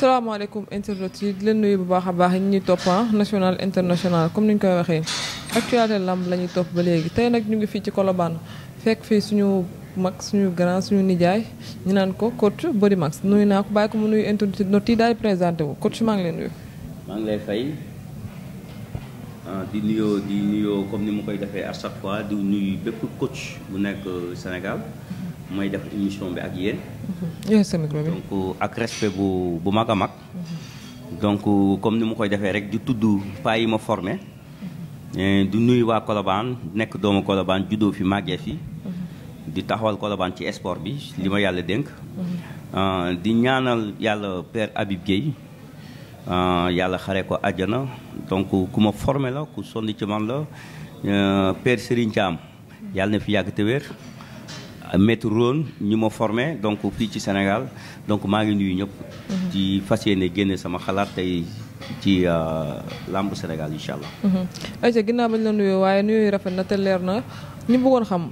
salaamaaleykum internautes yi di leen bu baax a baax yi ñuy topp ah, national international comme ni ñu koy waxee actualité lamb la ñuy topp ba léegi tey nag ñu ngi fii ci Colobane fekk fii suñu mag suñu grand suñu nijaay ñu naan ko coach bari Max nuyu naa ko bàyyi ko mu nuyu internautes yi daal di présenté wu coach maa ngi leen nuyu. maa ngi lay fay ah, di nuyoo di nuyoo comme ni mu koy defee à fois di nuyu bépp coach bu nekk Sénégal. mooy def émission bi ak yéen. donc ak respect bu bu mag a mag. donc comme ni mu koy defee rek di tudd paa ma formé. Eh, di nuyu waa Colobane nekk doomu Colobane juddoo fi màggee fi. di taxawal Colobane ci sport bi li ma yàlla dénk. Ah, di ñaanal yàlla père Habib Gueye ah, yàlla xare ko àjjana donc ku ma formé la ku sonn ci man la eh, père Serigne Thiam yàlla na fi yàgg te maître Rhône ñu ma forme donc fii ci Sénégal donc maa ngi nuyu ñëpp. Mhm. ci fas yéene génne sama xalaat tey ci euh, làmb Sénégal incha allah. Mhm. ayca ginnaaw bañ la nuyoo waaye nuyoo rafet na te leer na ñu bëggoon xam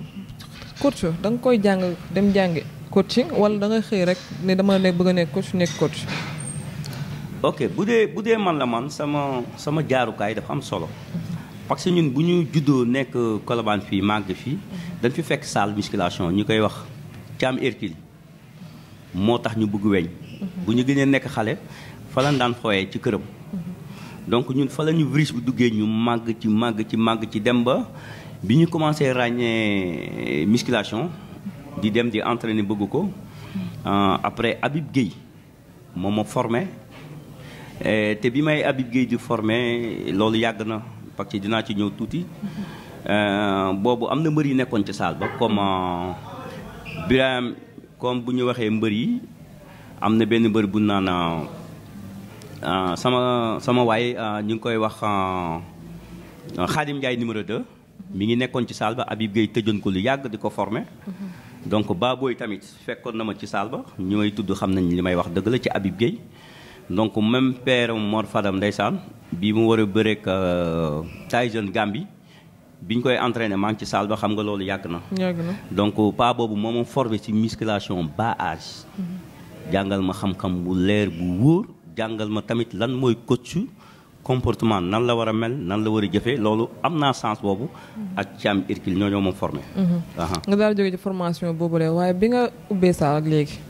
coach da nga koy jàng dem jàngi coaching wala da nga xëy rek ne dama nekk bëgg a nekk kot coach nekk coach. ok bu dee bu dee man la man sama sama jaarukaay dafa am solo. Mhm. parce que ñun bu ñu juddoo nekk Colobane fii màgg fii dañ fi fekk salle musculation ñu koy wax caam Hercule moo tax ñu bëgg weñ bu ñu gënee nekk xale fa lañ daan fooyee ci këram donc ñun fa la ñu virus bu duggee ñu màgg ci màgg ci màgg ci dem ba bi ñu commencé ràññee musculation di dem di ni bëgg ko euh, après Habib Gueye moom ma formé te bi may Habib Gueye di formé loolu yàgg na parce que dinaa ci ñëw tuuti euh, boobu am na mbër yi nekkoon ci saal ba comme euh, Birame comme bu ñu waxee mbër yi am na benn mbër bu naan euh, sama sama waay ñu ngi koy wax Xaadim Ndiaye numéro de mu ngi nekkoon ci saal ba Habib Gueye tëjoon ko lu yàgg di ko formé. Mm-hmm. donc Baboy tamit fekkoon na ma ci saal ba ñooy tudd xam nañ li may wax dëgg la ci Habib Gueye. donc même père Mor Fadam ndeysaan bi mu war a bëreeg euh, Tyson Gambie bi ñu koy entraîné maa ngi ci salle ba xam nga loolu yàgg na. yàgg na donc pa boobu moom ma formé ci musculation bas âge. Mm-hmm. jàngal ma xam-xam bu leer bu wóor jàngal ma tamit lan mooy coach comportement nan la war a mel nan la war a jëfee loolu am naa sens boobu. Mm-hmm. ak Thiam Hercule ñoo ñoo ma formé. Mm-hmm. nga daal jógee ci formation boobu rek waaye bi nga ubbee saal ak léegi.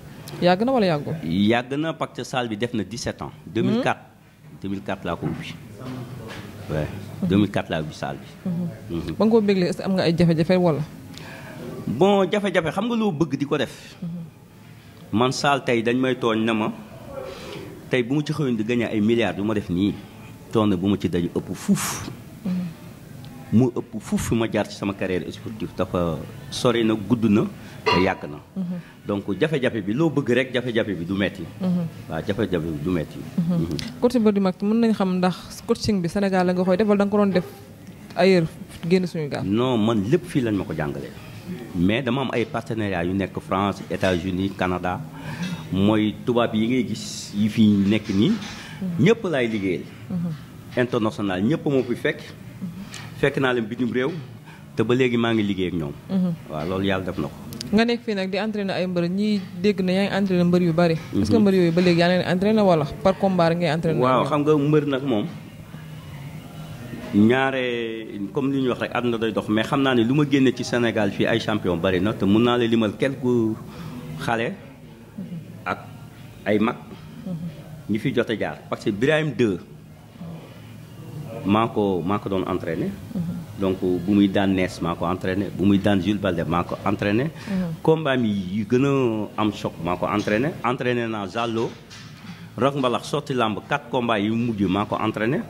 yàgg na wala yàggul. yàgg na parce que salle bi def na 17 ans. 2004 hmm? 2004 laa ko ubbi. waaw 2004 laa ubbi salle bi. Hmm. Hmm. ba nga ko bëgg am nga ay jafe-jafe wala. bon jafe-jafe xam nga loo bëgg di ko def. man salle tey dañ may tooñ na ma tey bu mu ci xëyoon di gagné ay milliards du ma def nii toon na bu ma ci daju ëpp fuuf. moo ëpp fuuf fi ma jaar ci sama carrière sportive dafa sori na gudd na te yàgg na. Mm-hmm. donc jafe-jafe bi loo bëgg rek jafe-jafe bi du metti mm-hmm. waaw jafe-jafe bi du metti coaching ba du mag mën nañ xam ndax coaching si Sénégal la nga koy def wala da nga ko doon def ailleurs génn suñu gaal. non man lépp fii lañ ma ko jàngalee. mais dama am ay partenariat yu nekk France États-Unis Canada mooy tubaab yi ngay gis yi fi nekk nii. Mm-hmm. ñëpp laay liggéeyal. international ñëpp moo fi fekk. fekk naa leen bitim réew te ba léegi maa ngi liggéey ak ñoom. Mhm. waaw loolu yàlla def na ko. nga nekk fii nag di entraîner ay mbër ñi dégg na yaa ngi entraîner mbër yu bari. est que mhm. mbër yooyu ba léegi yaa ngi leen entraîner wala par combat ngay entraîner. waaw xam nga mbër nag moom ñaare comme li ñu wax rek àdduna day dox mais xam naa ne lu ma génne ci Sénégal fii ay champion bari na te mun naa la limal quelque xale ak ay mag. Mhm. ñi fi jot a jaar parce que Birahim 2. maa ko maa ko doon entraîné. Mhm. donc bu muy daan nees maa ko entraîné bu muy daan Jules Balde maa ko entraîné. Mhm. mi yu gën a am choc maa ko entraîné entraîné naa Zallo. Rock Mbalax sotti làmb quatre combats yu mu maa ko entraîné. Mhm.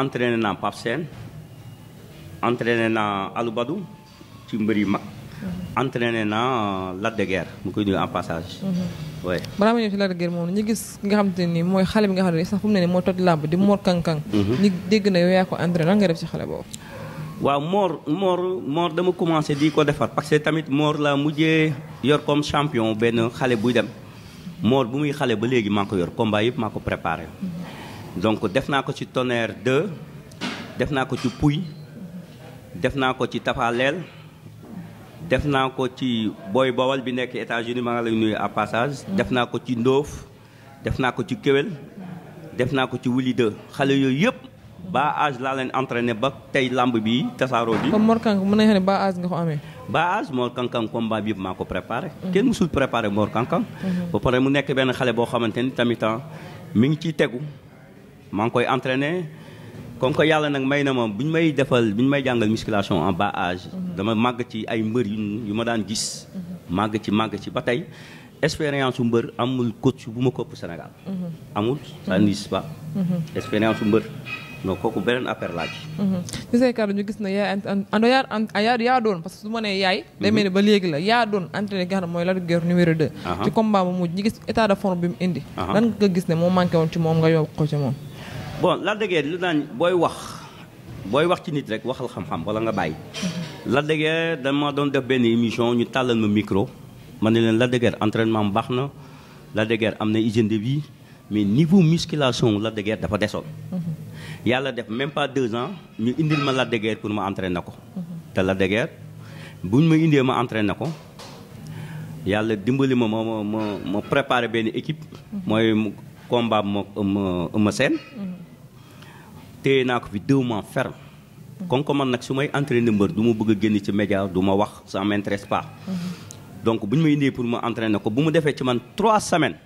entraîné naa Pape Sène naa Alou Badou ci mbër yu mag. Mm-hmm. entraîné na Lac de Guiers mu koy nuyu en passage. waaye mm-hmm. balaa ma ñëw ci Lac de moom ñu gis nga xam ne nii mooy xale bi nga xam ne sax fu mu ne nii toj làmb di Mor Kang Kang. Mm-hmm. ñu dégg na yow yaa ko entraîné lan nga def ci xale boobu. waaw Mor Mor Mor dama commencé di ko defar parce que tamit Mor la mujjee yor comme champion benn xale buy dem Mor bu muy xale ba léegi maa ko yor combat yëpp maa ko préparé. donc def naa ko ci Tonnerre 2 def naa ko ci Pouy def naa ko ci Tafaleel. def naa ko ci booy bawal bi nekk États-Unis maa ngi lay nuyu passage def naa ko ci ndóof def naa ko ci kéwél def naa ko ci wuli xale yooyu yëpp ba âge laa leen entraîné ba tey lamb bi tasaaroo bi. comme Mor Kankan mën nañu xam ba âge nga ko amee. ba âge Mor Kankan combat bi yëpp maa ko préparé. Mhm. kenn musul préparé Mor Kankan. Mhm. ba pare mu nekk benn xale boo xamante ni tamit ah, mi ngi ci tegu maa ngi koy entraîné. comme que yàlla nag may na ma bu ñu may defal bu ñu may jàngal musculation en bas mhm. dama màgg ci ay mbër yu ma daan gis. Mhm. màgg ci màgg ci ba tey expérience su mbër amul coach ma kopp Sénégal. Mhm. su ci say kàddu ñu gis na yaay ando yaa yaa yaa doon parce que su ma nee yaay. day ni ba léegi la yaa doon entraîné nga xam ne mooy Lac de Guiers numéro 2. ci combat bu mujj ñu gis état de forme bi mu indi. lan nga gis ne moo manqué ci moom nga yokk ci moom. bon Lac de Guiers lu naan booy wax booy wax ci nit rek waxal xam-xam wala nga bàyyi. Lac de Guiers dama doon def benn émission ñu tàllal ma micro ma ne leen Lac de Guiers entraînement baax na Lac de am na hygiène de vie mais niveau musculation Lac de Guiers dafa desoon. Mhm. yàlla def même pas deux ans ñu indil ma Lac de Guiers pour ma na ko. Mhm. te Lac de Guiers ma indee ma na ko. yàlla dimbali ma ma ma ma préparé benn équipe. Mhm. mooy combat ma ma ma seen. téye naa ko fi deux mois ferme. kon ko man nag su may entraîné mbër du ma bëgg génne ci média du ma wax ça m'intéresse pas. donc bu ñu may indee pour ma entraîné ko bu mu defee ci man trois semaines.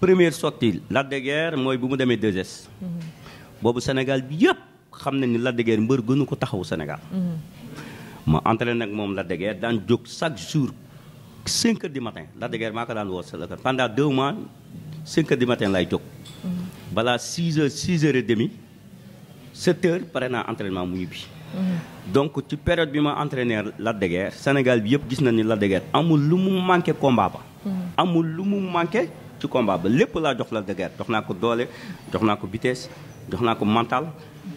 première sortie Lac de mooy bu mu demee 2S. boobu Sénégal bi yëpp xam na ni Lac de Guiers mbër gënu ko taxaw Sénégal. ma entraîné nag moom Lac de Guiers daan jóg chaque jour 5 heures du matin Lac de Guiers maa ko daan woo sa pendant 2 mois 5 heures du matin laay jóg. balaa 6 sept heures pare naa entraînement mu ñibbi. donc ci période bi ma entraîner Lac de Sénégal bi yëpp gis na ni Lac de amul lu mu manqué combat ba. amul lu mu manqué ci combat ba lépp laa jox Lac de Guiers jox naa ko doole jox naa ko vitesse jox naa ko mantal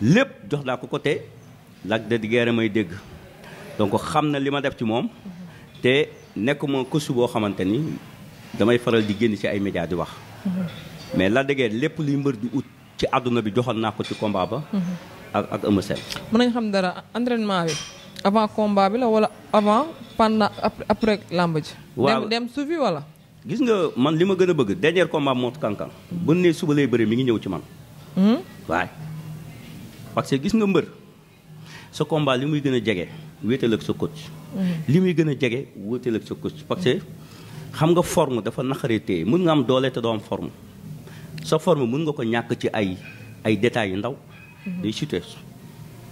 lépp jox naa ko côté Lac de Guiers may dégg donc xam na li ma def ci moom. te nekkuma kësu boo xamante ni damay faral di génn ci ay médias di wax. mais Lac lépp luy mbër di ut. ci àdduna bi joxoon naa ko ci komba ba. ak ak Eumeu Sène. mën xam dara entraînement bi avant combat bi la wala avant pendant après làmb ji. dem dem suivi wala. gis nga man li ma gën a bëgg dernier combat moo kankan bu ne suba lay bëri mi ngi ñëw ci man. Hmm? waaye parce que gis nga mbër sa combat li muy gën a jege wéetal ak sa coach. Hmm. li muy gën a jege wéetal ak sa coach parce que xam nga forme dafa naqaree téye mën nga am doole te doo am sa forme mun nga ko ñàkk ci ay ay détails yu ndaw mhm. day chuté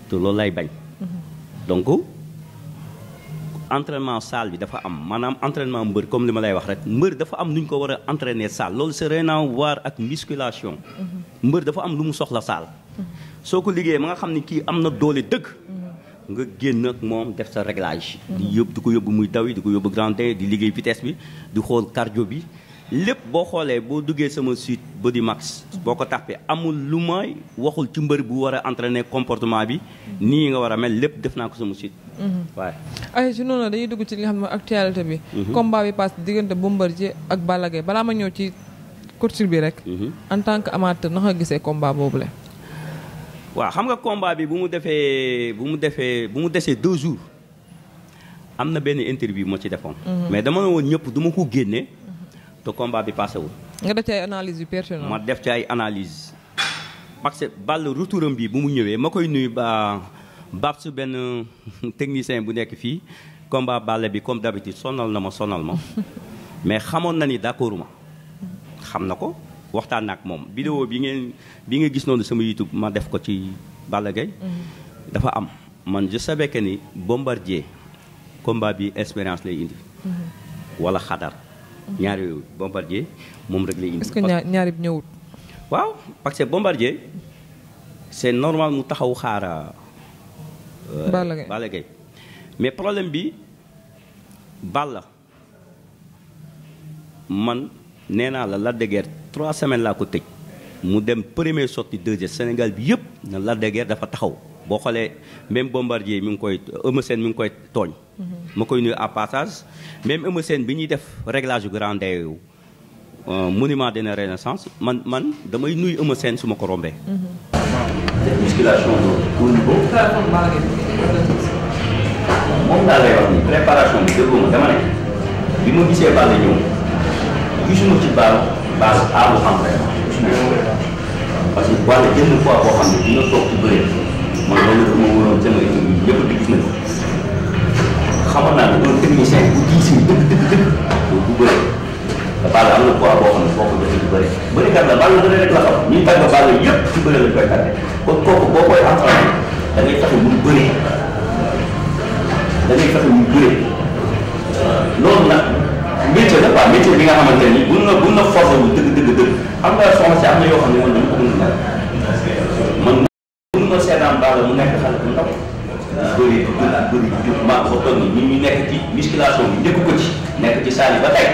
te loolu lay bañ mhm. donc entraînement salle bi dafa am maanaam entraînement mbër comme li ma lay wax rek mbër dafa am nu ñu ko war a entraîner salle loolu c'est rien à voir ak mhm. mbër dafa am lu mu soxla saal soo ko liggéeyee ma nga xam ni kii am na doole dëkk nga génn ak moom def sa réglage di yóbbu di ko yóbbu muy daw yi di ko yóbbu grandin di liggéey vitesse bi di xool cardio bi lépp boo xoolee boo duggee sama suite body max boo ko tàppee amul lu may waxul ci mbër bu war a entraîner comportement bi nii nga war a mel lépp def naa ko sama suite waaye mhm. ay si noonu dañuy dugg ci li nga xam ne actualité bi mhm. combat bi passe diggante Bombardier ak Balla Gaye balaa ma ñëw ci culture bi rek mhm. en tant que amateur naka nga gisee combat boobu la waaw xam nga combat bi bu mu defee bu mu defee bu mu desee deux jours am na benn interview moo ci defoon te combat bi passé wul. nga def ci ay ma def ci ay analyse parce que Balla retouram bi bu mu ñëwee ma koy nuyu ba baab su benn technicien bu nekk fii combat Balla bi comme d'habitude sonal na ma sonal ma mais xamoon na ni d'accord ma xam na ko waxtaan na ak moom vidéo bi ngeen bi nga gis noonu sama YouTube ma def ko ci Balla Gaye mm-hmm. dafa am man je savais ni bombardier combat bi expérience lay indi mm-hmm. wala xadar ñaari yooyu moom rek lay indi. est-ce ñaari bi ñëwut. waaw parce que bombardier c'est normal mu taxaw xaar. Euh, Balla Gaye mais problème bi la man nee naa la Lac de trois semaines laa ko tëj mu dem premier sortie deuxième Sénégal bi yëpp na Lac de dafa taxaw. boo xoolee même Bombardier mi ngi koy Eumeu Sène mi ngi koy tooñ. Mm-hmm. ma koy nuyu à passage même Eumeu bi ñuy def réglage grande yu euh, monument de la renaissance man man damay nuyu Eumeu Sène su ma ko rombee. Mm-hmm. moom laa lay wax ni préparation bi déggoo ma dama bi ma gisee Balla ñëw gisuma ci Balla Balla aalu entraînement parce que Balla jënd fois boo xam ne dina toog ci bëre. man loolu moom mënoon jënd ak ñoom ñëpp di gis nañ ko xamoon naa ne doon technicien bu diis yi dëgg dëgg dëgg bu bëree te Balla am na poids boo xam ne boo ko defee du bëri bëri kat la Balla bëri rek la xam ñuy tàgg Balla yëpp ci bëri lañ koy tàggee kon kooku boo koy entraîné da ngay fexe mu bëree da ngay fexe mu bëree loolu nag métier la quoi métier bi nga xamante ne nii buñ la buñ la forcé bu dëgg dëgg dëgg xam nga soxna si am na yoo xam ne ma seetaan Balla mu nekk xale bu ndaw. bëri di dund ak bëri di dund maa ko toll nii ñu nekk ci musculation bi njëkk ko ci. nekk ci saal yi ba tey.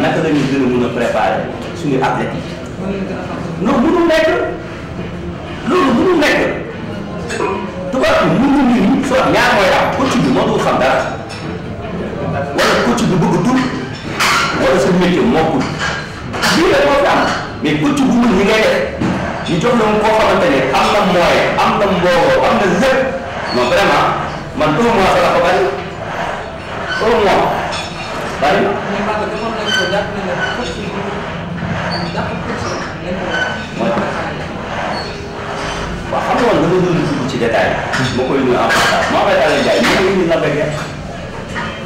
naka la ñuy gën a mën a préparer suñu athlètes yi. non mënul nekk loolu mënul nekk tubaab bi mënul nit ñi soit ñaar mooy am coach bi moo dul xam dara wala coach bi bëgg tur wala sa métier moo ko la moo fi am mais coach bu mën li ñu jox la koo xamante ne am na mooy am na mbooloo am na lépp non vraiment man un mois dara ko bari un mois bari. mais Mbacke demoon nañu ko jàpp nañu ne coach yi jàpp coach lañ ko mooy waaw xam nga man dama dund dugg ci ma koy nuyu en passant Mohamed Alioune Ndiaye ñu de Guiers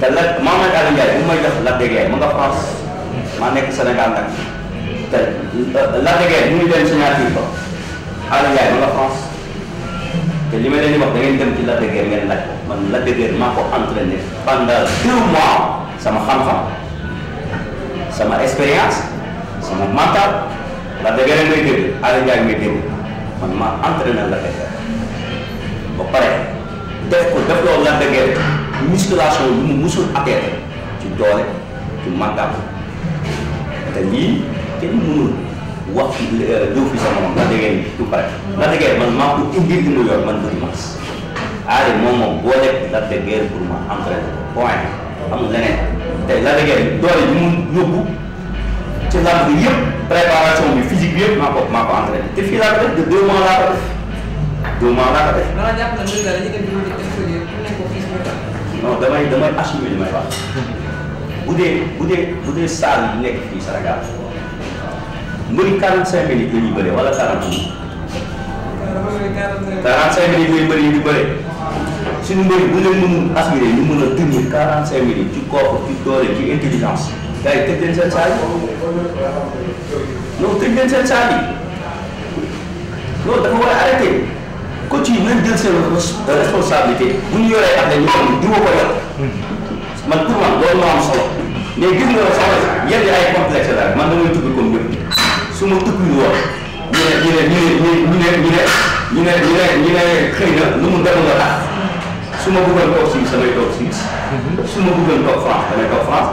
te Lac Mohamed Alioune Ndiaye bu nekk Sénégal nag. te euh, Lac de Guiers ñu dem signature ba Aly ma nga France te li ma leen di wax da ngeen dem ci Lac de Guiers ngeen man Lac de Guiers maa ko entraîné pendant deux mois sama xam-xam sama expérience sama mental Lac de Guiers may déglu Aly Ndiaye may man maa entraîné Lac ba pare def ko def loolu Lac de Guiers musculation lu musul atteindre ci doole ci màggal te lii. kenn mënul wax doo fi sa moom la dëggee du pare la dëggee man maa ko indil li mu man bëri mas aari moom moom boo lekk la dëggee pour ma entraîner ko point amul leneen te la dëggee doole bi mu yóbbu ci lamb bi yëpp préparation bi physique bi yëpp maa ko maa te fii laa ko def de deux mois laa ko def deux mois laa ko def non damay damay assumer li may wax bu dee bu dee bu dee salle yi nekk fii mbëri 45 minutes la ñuy bëree wala 40 minutes. 45 minutes lay bëri ñu bëri suñu mbëri bu e mënul aspiré ñu mën a tenir 45 minutes ci kooku ci doole ci intelligence. gars yi tëj leen seen saal yi loolu tëj leen seen saal yi loolu dafa war a arrêté coach yi nañ jël seen responsabilité bu ñu yoree ak ñu xam ne di ko man pour man loolu moo am solo mais gis nga la sax yenn ay complexe la man damay tudd comme ñëpp. su ma ubbi woon ñu ne ñu ne ñu na lu mu dem nga tax su ma bëggoon toog Suisse damay toog Suisse. su ma bëggoon toog France damay toog France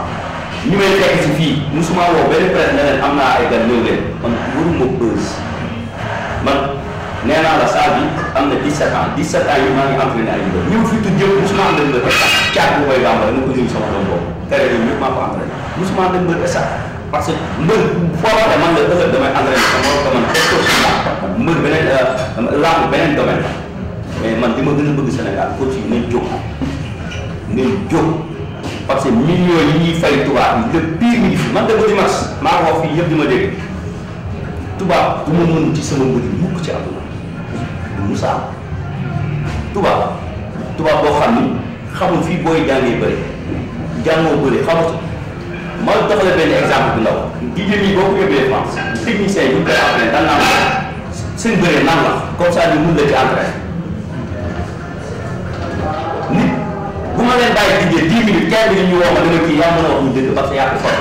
ñu may fekk si fii musuma benn presse ne leen am naa ay gan ñëw leen man waruma bës man nee la saa bi am na 17 ans 17 ans yi maa ngi entraîné ay mbër ñëw fi am dem mbër sax caag bu koy bàmbara ma ko a sama doom boobu tere yooyu ñëpp maa ko entraîné musuma dem mbër sax parce que mbër foo làmb beneen domaine mais man di ma gën a bëgg Sénégal coach yi nañ jóg nañ jóg parce que millions yi ñuy fay tubaab yi le pire mi ngi fi man de ba dimanche maa yëpp di ma dégg tubaab du ma mën ci sama mbir mukk ci àdduna Moussa tubaab tubaab boo xam ni xamul fii booy jàngee bëri jàngoo bëri xamut ma jox la benn exemple bu ndaw. jigéen ñi boo ko yóbbee France technicien yi ñu koy wax ne daan sëñ bëree lan la comme ça ñu mun la ci entraîner nit bu ma leen bàyyi liggéey dix minutes quinze minutes ñu woo ma dama kii yaa mën a wax ñu dëgg parce ko sonn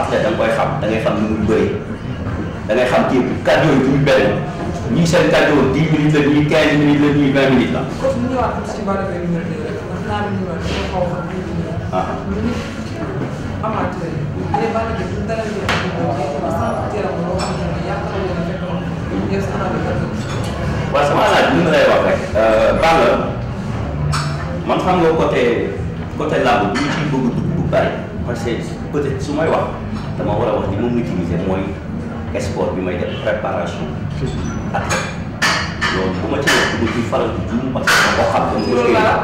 athlète da nga koy xam da ngay xam ni muy bëree da ngay xam kii cardio yi duñu benn ñii seen cardio dix minutes la ñuy quinze minutes la ñuy vingt waaw sama laaj bi mu lay wax rek. Euh, Balla man xam nga côté côté làmb bi ñu ciy bari parce que peut-être su may wax dama war a wax ni moom utiliser bi may def préparation. ak loolu ma ci wax dugg ci faral di juum parce que boo xam. loolu laa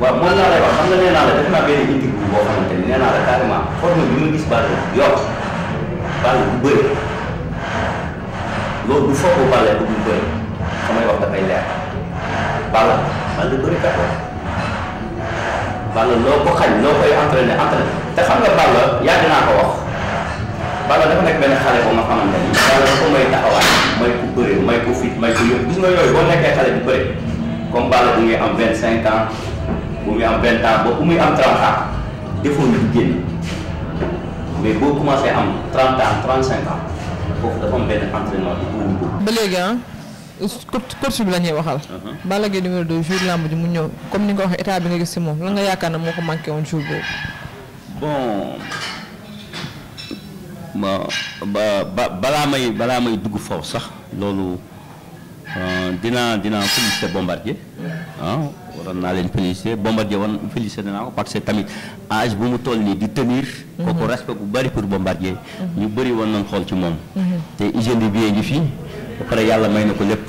laa lay wax xam nga nee naa la def naa benn interview boo xamante ni nee naa la carrément forme bi ma gis Balla yor Balla bu loolu bu sooboo Balla ko bu bëri samay wax dafay leer Balla man la bëri kat Balla loo ko xañ loo koy entraîné entraîné te xam nga Balla yàgg naa ko wax Balla dafa nekk benn xale boo nga xamante ni Balla ko may taxawaay may ku bëri may ku fit may ku yooyu boo nekkee xale bu bëri comme Balla bu muy am vingt cinq ans bu muy am vingt ans ba bu muy am trente ans defoo génn mais boo commencé am trente ans foofu dafa am benn entraînement bi bëriwul ko. ba léegi ah coach bi la ñuy waxal. Uh-huh. Balla Gaye numéro 2 jour làmb ji mu ñëw comme ni nga ko waxee état bi nga gis si moom lan nga yaakaar ne moo ko manqué woon jour boobu. bon ba balaa may balaa may dugg foofu sax loolu. Euh, dinaa dinaa félicité Bombardier ah waroon naa leen félicité Bombardier woon félicité naa ko parce que tamit âge bu mu toll nii di tenir. kooku mhm. respect bu bëri pour Bombardier. Mhm. ñu bëri woon nañ xool ci moom. Mhm. te hygiène de vie ngi fii ba yàlla may na ko lépp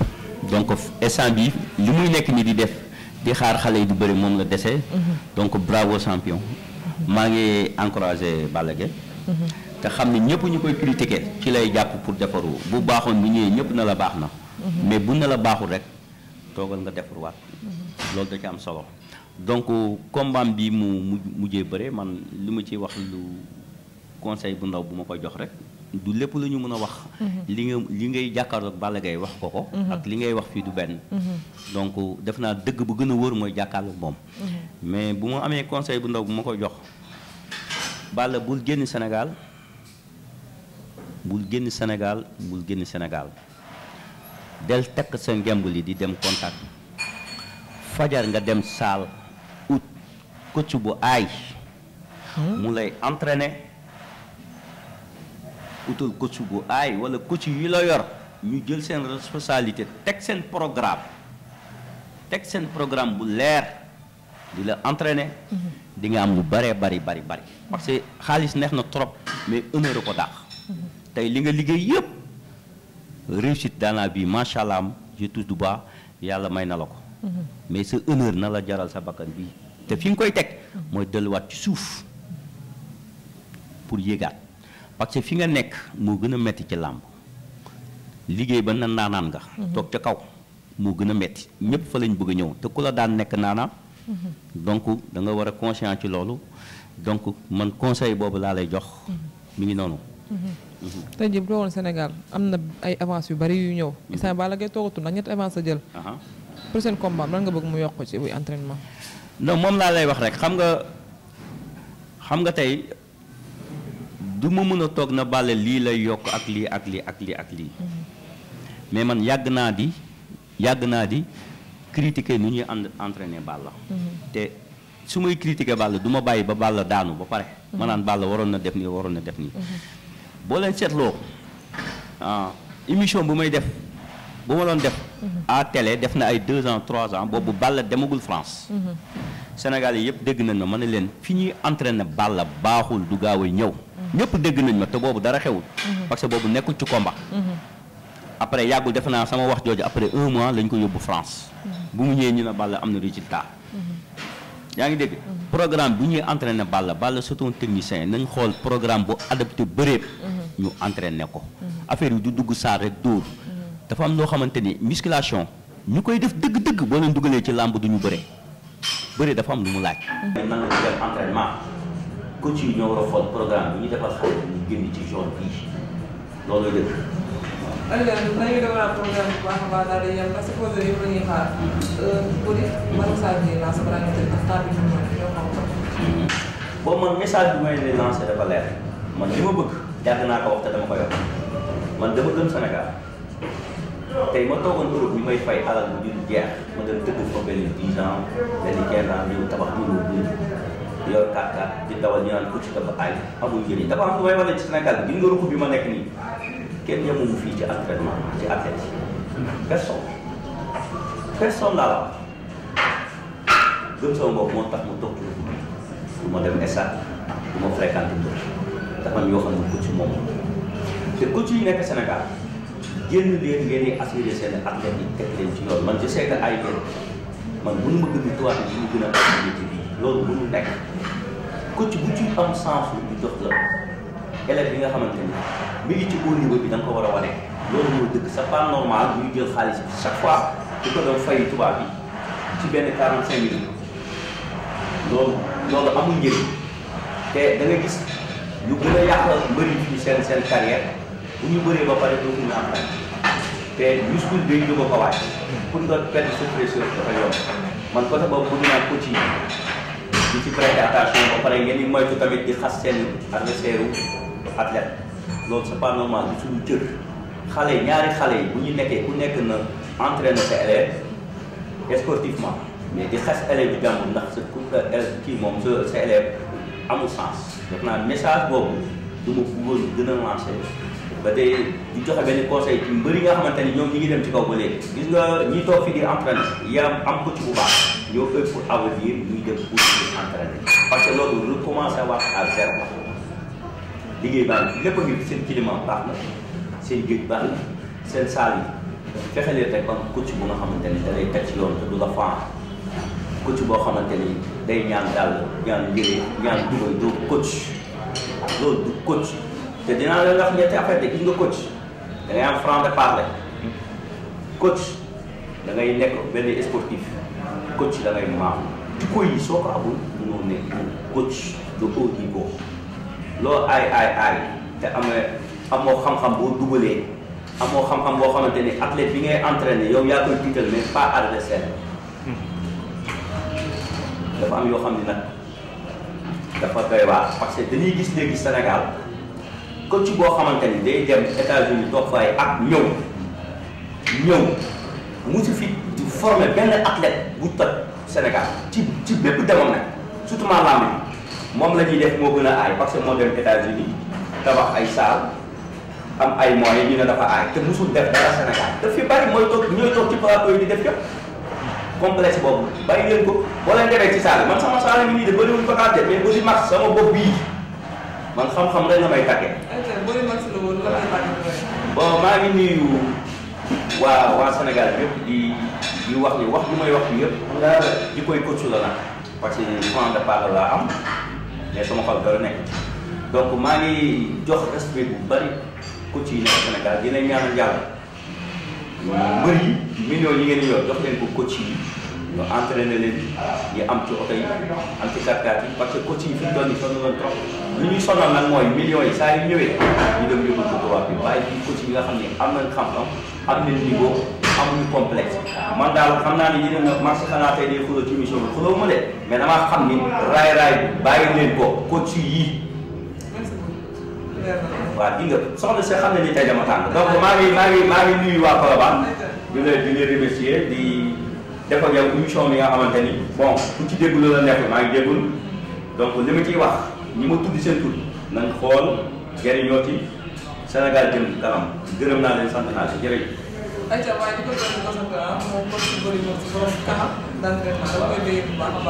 donc instant bi li muy nekk nii di def di xaar xale yi di bëri moom la dese. donc bravo champion. maa ngi encouragé Balla Gaye te xam ne ñëpp ñu koy critiqué ci lay jàpp pour defaru bu baaxoon bu ñëwee ñëpp na baax na. mais bu ne la baaxul rek toogal nga defarwaat. loolu da ci am solo donc combat bi mu mu mujjee bëre man li ma ciy wax lu conseil bu ndaw bu ma ko jox rek du lépp la ñu mën a wax. Mhm. li nga li ngay jàkkaarloog bala Gaye wax ko ko. Mhm. ak li ngay wax fii du benn. Mhm. donc def naa dëgg bu gën a wër mooy jàkkaarloog moom. mais bu ma amee conseil bu ndaw bu ma ko jox bala bul génn Sénégal bul génn Sénégal bul génn Sénégal. del takk seen ngemb li di dem contact fajar nga dem saal ut coach bu aay hmm? mu lay entraîner utul coach bu aay wala coach yi la yor ñu jël seen responsabilité teg seen programme teg seen programme bu leer di la entraîner hmm. di nga am lu bëree bari bari bari parce que xaalis neex na trop mais honneur ko daax hmm. tey li nga liggéey yëpp réussite dans bi vie macha allah je touche du bas yàlla may na la ko. mais sa honneur na la jaral sa bakkan bi te fi nga koy teg mooy delluwaat ci suuf pour yéegaat parce fi nga nekk moo gën a metti ci làmb liggéey ba na naanaan nga. Mhm. toog ca kaw moo gën a metti ñëpp fa lañ bëgg a ñëw te ku la daan nekk naanaan. Mhm. donc danga war a conscient ci loolu donc man conseil boobu laa lay jox. Mhm. mi ngi noonu. tey jii bu toogoon Sénégal am na ay avance yu bari yu ñëw. Mhm. instant bala ngay toogatul avance a jël. prochain combat lan nga bëgg mu yokk ci buy entraînement. non moom laa lay wax rek xam nga xam nga tey du ma mën a toog na Balla lii lay yokk ak lii ak lii ak lii ak lii. Mhm. mais man yàgg naa di yàgg naa di critiquer ni ñuy ànd entraîner Balla. Mhm. te su may critiquer baal du ma bàyyi ba Balla daanu ba pare. ma naan Balla waroon na def nii waroon na def nii. boo leen seetloo ah émission bu may def bu ma doon def. a mhm. télé def na ay deux ans trois ans boobu Balla demagul France. Mhm. Sénégal yi yëpp dégg nañ ma ma ne leen fi ñuy entraîné Balla baaxul du gaaw a ñëw. Mhm. ñëpp dégg nañ ma te boobu dara xewul. parce que boobu nekkul ci combat. après yàggul defe naa sama wax jooju après un mois lañ ko yóbbu France. bu mu ñëwee ñu ne Balla am na résultat. yaa ngi dégg programme bi ñuy entraîné Balla Balla c'est un technicien nañ xool programme bu ñu entraîné ko. affaire yi du dugg saar rek dóor. dafa am loo xamante ni musculation ñu koy def dëgg-dëgg boo leen dugalee ci làmb duñu ñu bëre bëre dafa am lu mu laaj. dañ mën a def entraînement coach yi ñoo war a xool programme bi ñu defar xale ñu génn ci zone bii loolu dëgg. Aliou euh, man message bi may lay dafa leer man li ma bëgg. yàgg naa ko wax dama koy wax man dama gëm Sénégal tey ma toogoon Europe bi may fay alal bu dul jeex ma dem dëkk fa benn 10 ans benn 15 ans ñëw tabax dafa aay amul may wane ci Sénégal bi nga ruq bi ma nekk nii kenn yemuñu fii ci entraînement ci athlète personne personne laa la gëm sama bopp moo tax mu toog ci du ma dem stade du ma fréquenté man am yoo xam ne coach moom te coach yi nekk Sénégal génn leen ngeen di assurer seen athlètes yi teg leen ci yoon man je sais ay benn man mënu ma gën a tuwaat yi ñu gën a assuré ci bii loolu mënul nekk coach bu ci am sens lu jox la élève yi nga xamante ni mi ngi ci haut niveau bi da ko war a wane loolu moo dëgg sa pas normal ñuy jël xaalis bi chaque fois di ko doon fay tubaab bi ci benn 45 loolu loolu amul njëriñ te da gis ñu gën a yàqal mbëri fii seen seen carrière bu ñu bëree ba pare dootuñu am nag te jusqu'où day ñu ko ko wàcc pour nga perte sa pression dafa yomb man ko boobu bëgg naa coach yi ci prêter attention ba pare ngeen di moytu tamit di xas seen adversaire athlète loolu c'est pas normal du suñu cër xale ñaari xale yi bu ñu nekkee ku nekk na entraîner sa élève sportivement mais di xas élève bi jàmbur ndax sa euh, kii moom sa sa élève amul sens def naa message boobu du ma bëggoon gën a lancé ba tey di joxe benn conseil ci mbëri nga xamante ni ñoom ñu ngi dem ci kaw ba léegi gis nga ñi toog fi di entraîné yaa am ko ci bu baax ñoo fay pour avenir ñuy dem pour ñu entraîné parce que loolu recommencé wax à zéro liggéey baax na lépp a ngi seen climat baax na seen géej baax na seen saal fexe leen rek ba am coach bu da lay teg ci yoon te du la faan coach boo xamante ni day ñaan dàll ñaan njëriñ ñaan jubay du coach loolu du coach te dinaa leen wax ñetti affaire de gis nga coach da ngay am franc de parler coach da ngay nekk benn sportif coach da ngay maam yi soo ko amul mënoo nekk coach de haut niveau loo aay aay aay te amee amoo xam-xam boo dugalee amoo xam-xam boo xamante ni athlète bi ngay entraîné yow yaa koy tiital mais pas adversaire dafa am yoo xam ni nag dafa doy parce que dañuy gis léegi Sénégal ci boo xamante ni day dem États-Unis toog fay ak ñëw ñëw musu fi di former benn athlète bu toj Sénégal ci ci bépp demoon nag surtout ma lamb moom la ñuy def moo gën a aay parce que moo dem États-Unis tabax ay salle am ay moyens ñu ne dafa aay te musul def dara Sénégal daf fi bari mooy toog ñooy toog ci plateau di def yëpp. complexe boobu bàyyi leen ko boo leen demee ci saal man sama saal mi nii de bëriwul vacance mais aussi max sama bopp bii man xam-xam rek la may tàggee. bon maa ngi nuyu waa waa Sénégal yëpp di di wax ni wax bi may wax bi yëpp nga di koy coach la nag parce que point de parole laa am mais sama xol dara nekk donc maa ngi jox respect bu bari coach yi nekk Sénégal dina ñaanal yàlla. mbër yi millions yi ngeen yor jox leen ko coach yi ñu entraîné leen ñu am ci oto yi am ci kàrkaar yi parce que coach yi fi mu toll nii sonn nañ trop li ñuy sonal nag mooy millions yi saa yu ñëwee ñu dem yóbbu ko tubaab bi waaye fii coach yi nga xam ne am nañ xam-xam am nañ niveau amuñu complexe man daal xam naa ne yéen a marché xanaa tey day xuloo ci mission bi xuloo ma de mais damaa xam ni raay raay bi leen ko coach yi. waa di nga soxna si xam ne ni tey dama tàng donc maa ngi maa ngi maa ngi nuyu waa Colobane di la di la remercier di def ak yow émission bi nga xamante ni bon ku ci dégg loolu la nekk maa ngi déggul donc li ma wax ñi ma tudd seen tur nañ xool jëriñoo ci Sénégal jëm kanam gërëm naa leen sant naa si bëri moom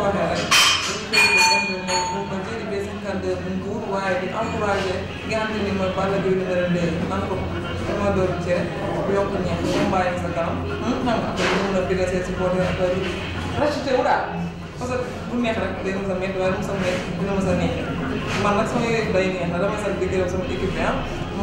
a baax 252 buñ ko wut waaye di encouragé nga ne ni mooy Balla Gaye numéro 2 man ko dama doon cere yokk ñeex combat yi sa kanam hmm, xam nga mën a bira see si boo dee yi racheté wu daal parce que bu neex rek day mos a métti waaye mos a métti dina mos a neex man nag sama yëg day neex na damay sax di gërëm sama équipe bi ah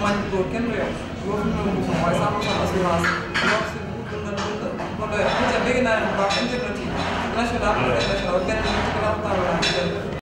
man góor kenn du yokk loolu fi mu ne waaye 100% assurance loolu si bu dul na dund ma doy am ca dégg naa leen bu baax internet yi national international benn nit ku la am tàmbali